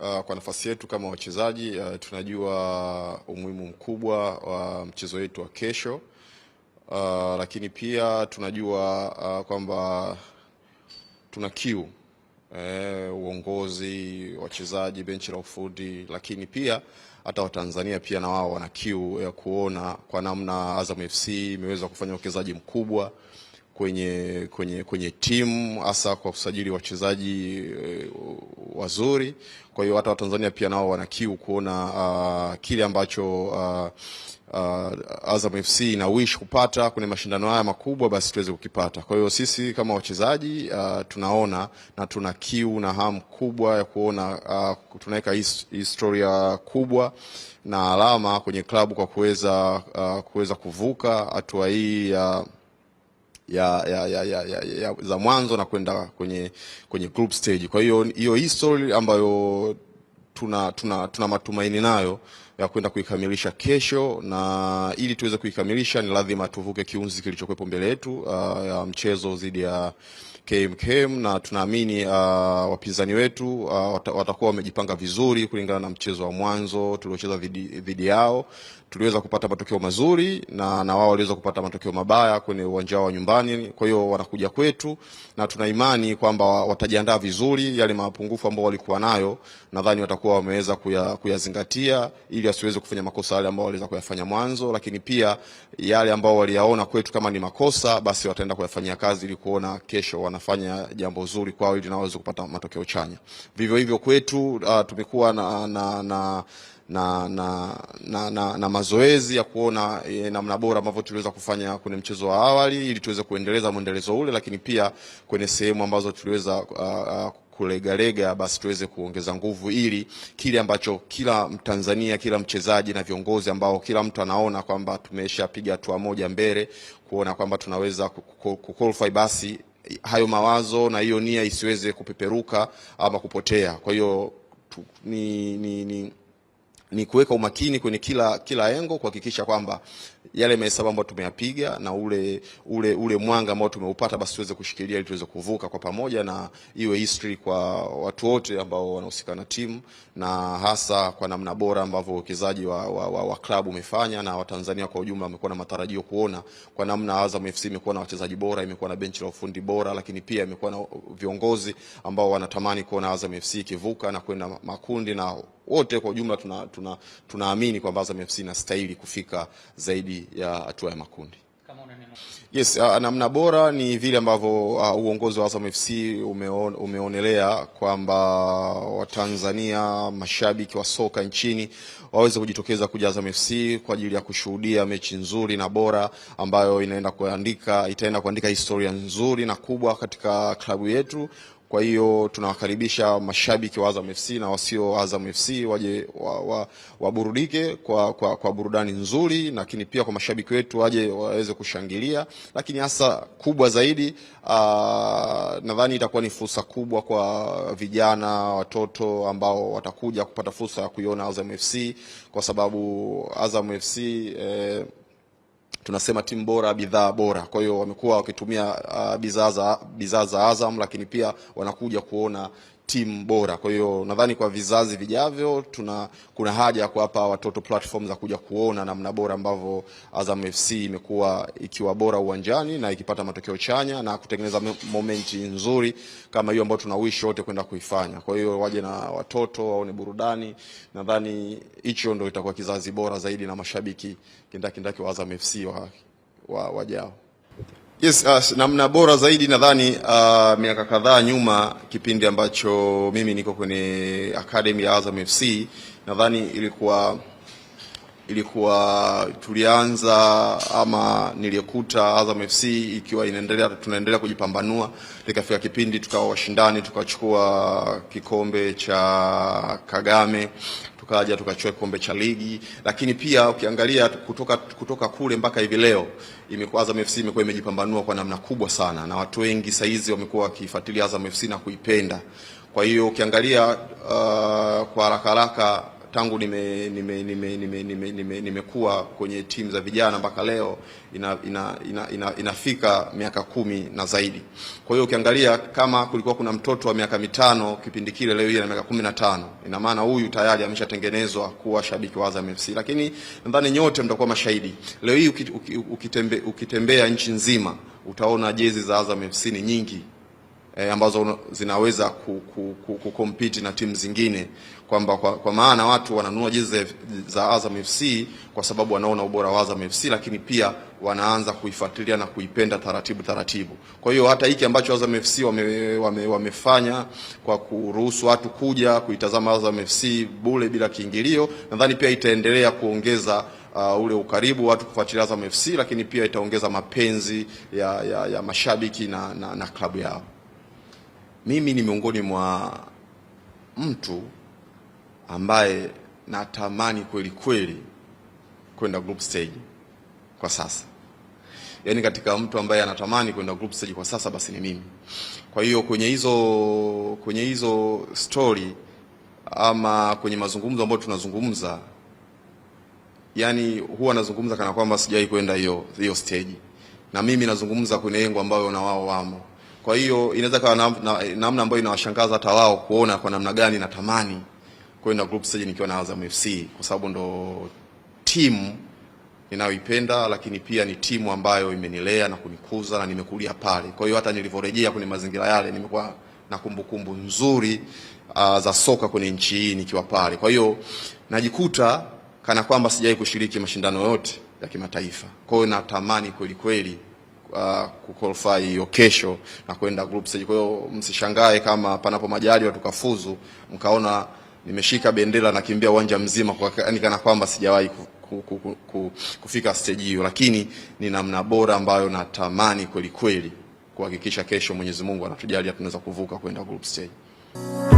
uh, kwa nafasi yetu kama wachezaji uh, tunajua umuhimu mkubwa wa mchezo wetu wa kesho uh, lakini pia tunajua uh, kwamba tuna kiu eh, uongozi, wachezaji, benchi la ufundi, lakini pia hata Watanzania pia na wao wana kiu ya kuona kwa namna Azam FC imeweza kufanya uwekezaji mkubwa kwenye, kwenye, kwenye timu hasa kwa kusajili wachezaji eh, wazuri. Kwa hiyo hata Watanzania pia nao wana kiu kuona uh, kile ambacho uh, uh, Azam FC ina wish kupata kwenye mashindano haya makubwa, basi tuweze kukipata. Kwa hiyo sisi kama wachezaji uh, tunaona na tuna kiu na hamu kubwa ya kuona uh, tunaweka historia kubwa na alama kwenye klabu kwa kuweza uh, kuweza kuvuka hatua hii ya uh, ya, ya, ya, ya, ya, ya, za mwanzo na kwenda kwenye, kwenye group stage. Kwa hiyo hiyo history ambayo tuna, tuna, tuna matumaini nayo ya kwenda kuikamilisha kesho, na ili tuweze kuikamilisha ni lazima tuvuke kiunzi kilichokuwepo mbele yetu uh, ya mchezo dhidi ya KMKM, na tunaamini uh, wapinzani wetu uh, watakuwa wamejipanga vizuri kulingana na mchezo wa mwanzo tuliocheza dhidi yao. Tuliweza kupata matokeo mazuri na, na wao waliweza kupata matokeo mabaya kwenye uwanja wao wa nyumbani. Kwa hiyo wanakuja kwetu na tuna imani kwamba watajiandaa vizuri. Yale mapungufu ambao walikuwa nayo nadhani watakuwa wameweza kuyazingatia kuya ili ili asiweze kufanya makosa yale ambao waliweza kuyafanya mwanzo, lakini pia yale ambao waliyaona kwetu kama ni makosa, basi wataenda kuyafanyia kazi ili kuona kesho wanafanya jambo zuri kwao ili naweza kupata matokeo chanya. Vivyo hivyo kwetu uh, tumekuwa na, na, na na, na, na, na, na mazoezi ya kuona e, namna bora ambavyo tuliweza kufanya kwenye mchezo wa awali ili tuweze kuendeleza mwendelezo ule, lakini pia kwenye sehemu ambazo tuliweza uh, uh, kulegalega, basi tuweze kuongeza nguvu ili kile ambacho kila Mtanzania, kila mchezaji na viongozi ambao kila mtu anaona kwamba tumeshapiga hatua moja mbele kuona kwamba tunaweza kuqualify basi hayo mawazo na hiyo nia isiweze kupeperuka ama kupotea. Kwa hiyo ni, ni, ni, ni kuweka umakini kwenye kila kila engo kuhakikisha kwamba yale mahesabu ambayo tumeyapiga na ule ule ule mwanga ambao tumeupata basi tuweze kushikilia ili tuweze kuvuka kwa pamoja, na iwe history kwa watu wote ambao wanahusika na timu na hasa kwa namna bora ambavyo uwekezaji wa, wa, wa, wa klabu umefanya na Watanzania kwa ujumla wamekuwa na matarajio kuona kwa namna Azam FC imekuwa na wachezaji bora, imekuwa na benchi la ufundi bora, lakini pia imekuwa na viongozi ambao wanatamani kuona Azam FC ikivuka na kwenda makundi na wote kwa ujumla tunaamini tuna, tuna kwamba Azam FC inastahili kufika zaidi ya hatua ya makundi. Yes, uh, namna bora ni vile ambavyo uh, uongozi wa Azam FC umeon, umeonelea kwamba Watanzania mashabiki wa soka nchini waweze kujitokeza kuja Azam FC kwa ajili ya kushuhudia mechi nzuri na bora ambayo inaenda kuandika itaenda kuandika historia nzuri na kubwa katika klabu yetu. Kwa hiyo tunawakaribisha mashabiki wa Azam FC na wasio Azam FC waje waburudike wa, wa kwa, kwa, kwa burudani nzuri, lakini pia kwa mashabiki wetu waje waweze kushangilia, lakini hasa kubwa zaidi nadhani itakuwa ni fursa kubwa kwa vijana, watoto ambao watakuja kupata fursa ya kuiona Azam FC kwa sababu Azam FC eh, tunasema timu bora, bidhaa bora. Kwa hiyo wamekuwa wakitumia uh, bidhaa za Azam, lakini pia wanakuja kuona timu bora. Kwa hiyo nadhani kwa vizazi vijavyo tuna kuna haja ya kuwapa watoto platform za kuja kuona namna bora ambavyo Azam FC imekuwa ikiwa bora uwanjani na ikipata matokeo chanya na kutengeneza momenti nzuri kama hiyo ambayo tunawishi wote kwenda kuifanya. Kwa hiyo waje na watoto waone burudani, nadhani hicho ndio itakuwa kizazi bora zaidi na mashabiki kindakindaki wa Azam FC wajao wa, wa Yes, uh, namna bora zaidi nadhani uh, miaka kadhaa nyuma kipindi ambacho mimi niko kwenye Academy ya Azam FC nadhani ilikuwa ilikuwa tulianza ama nilikuta Azam FC ikiwa inaendelea, tunaendelea kujipambanua. Likafika kipindi tukawa washindani, tukachukua kikombe cha Kagame, tukaja tukachukua kikombe cha ligi. Lakini pia ukiangalia kutoka, kutoka kule mpaka hivi leo imekuwa Azam FC imekuwa imejipambanua kwa namna kubwa sana, na watu wengi saizi wamekuwa wakifuatilia Azam FC na kuipenda. Kwa hiyo ukiangalia uh, kwa haraka haraka tangu nimekuwa nime, nime, nime, nime, nime, nime kwenye timu za vijana mpaka leo ina, ina, ina, ina, inafika miaka kumi na zaidi. Kwa hiyo ukiangalia kama kulikuwa kuna mtoto wa miaka mitano kipindi kile, leo hii ana miaka kumi na tano, ina maana huyu tayari ameshatengenezwa kuwa shabiki wa Azam FC. Lakini nadhani nyote mtakuwa mashahidi leo hii ukitembe, ukitembea nchi nzima utaona jezi za Azam FC ni nyingi e, ambazo zinaweza kukompiti na timu zingine, kwamba kwa, kwa maana watu wananunua jezi za Azam FC kwa sababu wanaona ubora wa Azam FC, lakini pia wanaanza kuifuatilia na kuipenda taratibu taratibu. Kwa hiyo hata hiki ambacho Azam FC wame, wame, wamefanya kwa kuruhusu watu kuja kuitazama Azam FC bure bila kiingilio, nadhani pia itaendelea kuongeza Uh, ule ukaribu watu kufuatilia Azam FC, lakini pia itaongeza mapenzi ya, ya, ya mashabiki na, na, na klabu yao. Mimi ni miongoni mwa mtu ambaye natamani kweli kweli kwenda group stage kwa sasa, yaani katika mtu ambaye anatamani kwenda group stage kwa sasa, basi ni mimi. Kwa hiyo kwenye hizo kwenye hizo story ama kwenye mazungumzo ambayo tunazungumza, yani huwa nazungumza kana kwamba sijawahi kwenda hiyo hiyo stage, na mimi nazungumza kwenye lengo ambayo na wao wamo. Kwa hiyo inaweza kawa namna na na ambayo inawashangaza hata wao kuona kwa namna gani natamani kwenda group stage nikiwa na Azam FC, kwa sababu ndo timu ninayoipenda, lakini pia ni timu ambayo imenilea na kunikuza na nimekulia pale. Kwa hiyo hata nilivyorejea kwenye mazingira yale nimekuwa na kumbukumbu kumbu nzuri uh, za soka kwenye nchi hii nikiwa pale. Kwa hiyo najikuta kana kwamba sijawahi kushiriki mashindano yote ya kimataifa. Kwa hiyo natamani kweli kweli uh, hiyo kesho na kwenda group stage. Kwa hiyo msishangae kama panapo majali watukafuzu mkaona nimeshika bendera nakimbia uwanja mzima kwa yani kana kwamba sijawahi kufika stage hiyo, lakini ni namna bora ambayo natamani kweli kweli kuhakikisha kesho Mwenyezi Mungu anatujalia tunaweza kuvuka kwenda group stage.